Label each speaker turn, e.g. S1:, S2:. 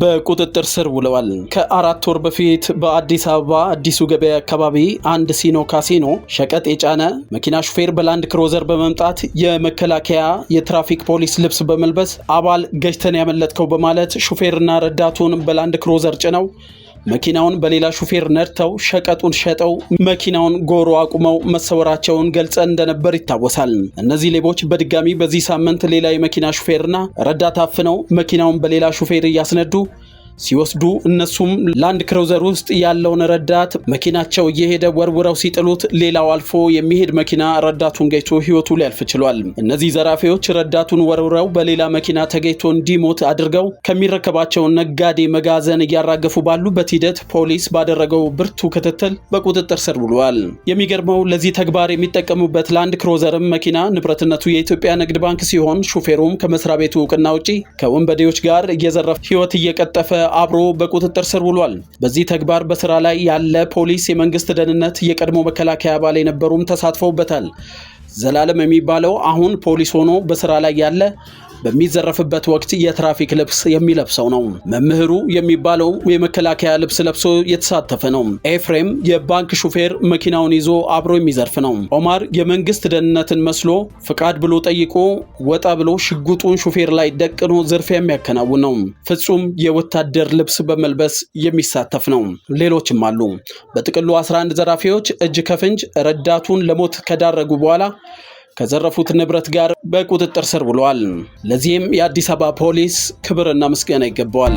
S1: በቁጥጥር ስር ውለዋል። ከአራት ወር በፊት በአዲስ አበባ አዲሱ ገበያ አካባቢ አንድ ሲኖ ካሲኖ ሸቀጥ የጫነ መኪና ሹፌር በላንድ ክሮዘር በመምጣት የመከላከያ የትራፊክ ፖሊስ ልብስ በመልበስ አባል ገጭተን ያመለጥከው በማለት ሹፌርና ረዳቱን በላንድ ክሮዘር ጭነው መኪናውን በሌላ ሹፌር ነድተው ሸቀጡን ሸጠው መኪናውን ጎሮ አቁመው መሰወራቸውን ገልጸን እንደነበር ይታወሳል። እነዚህ ሌቦች በድጋሚ በዚህ ሳምንት ሌላ የመኪና ሹፌርና ረዳት አፍነው መኪናውን በሌላ ሹፌር እያስነዱ ሲወስዱ እነሱም ላንድ ክሮዘር ውስጥ ያለውን ረዳት መኪናቸው እየሄደ ወርውረው ሲጥሉት ሌላው አልፎ የሚሄድ መኪና ረዳቱን ገይቶ ህይወቱ ሊያልፍ ችሏል። እነዚህ ዘራፊዎች ረዳቱን ወርውረው በሌላ መኪና ተገይቶ እንዲሞት አድርገው ከሚረከባቸው ነጋዴ መጋዘን እያራገፉ ባሉበት ሂደት ፖሊስ ባደረገው ብርቱ ክትትል በቁጥጥር ስር ውሏል። የሚገርመው ለዚህ ተግባር የሚጠቀሙበት ላንድ ክሮዘርም መኪና ንብረትነቱ የኢትዮጵያ ንግድ ባንክ ሲሆን ሹፌሩም ከመስሪያ ቤቱ እውቅና ውጪ ከወንበዴዎች ጋር እየዘረፈ ህይወት እየቀጠፈ አብሮ በቁጥጥር ስር ውሏል። በዚህ ተግባር በስራ ላይ ያለ ፖሊስ፣ የመንግስት ደህንነት፣ የቀድሞ መከላከያ አባል የነበሩም ተሳትፈውበታል። ዘላለም የሚባለው አሁን ፖሊስ ሆኖ በስራ ላይ ያለ በሚዘረፍበት ወቅት የትራፊክ ልብስ የሚለብሰው ነው። መምህሩ የሚባለው የመከላከያ ልብስ ለብሶ የተሳተፈ ነው። ኤፍሬም የባንክ ሹፌር መኪናውን ይዞ አብሮ የሚዘርፍ ነው። ኦማር የመንግስት ደህንነትን መስሎ ፍቃድ ብሎ ጠይቆ ወጣ ብሎ ሽጉጡን ሹፌር ላይ ደቅኖ ዝርፊያ የሚያከናውን ነው። ፍጹም የወታደር ልብስ በመልበስ የሚሳተፍ ነው። ሌሎችም አሉ። በጥቅሉ 11 ዘራፊዎች እጅ ከፍንጅ ረዳቱን ለሞት ከዳረጉ በኋላ ከዘረፉት ንብረት ጋር በቁጥጥር ስር ውለዋል። ለዚህም የአዲስ አበባ ፖሊስ ክብርና ምስጋና ይገባዋል።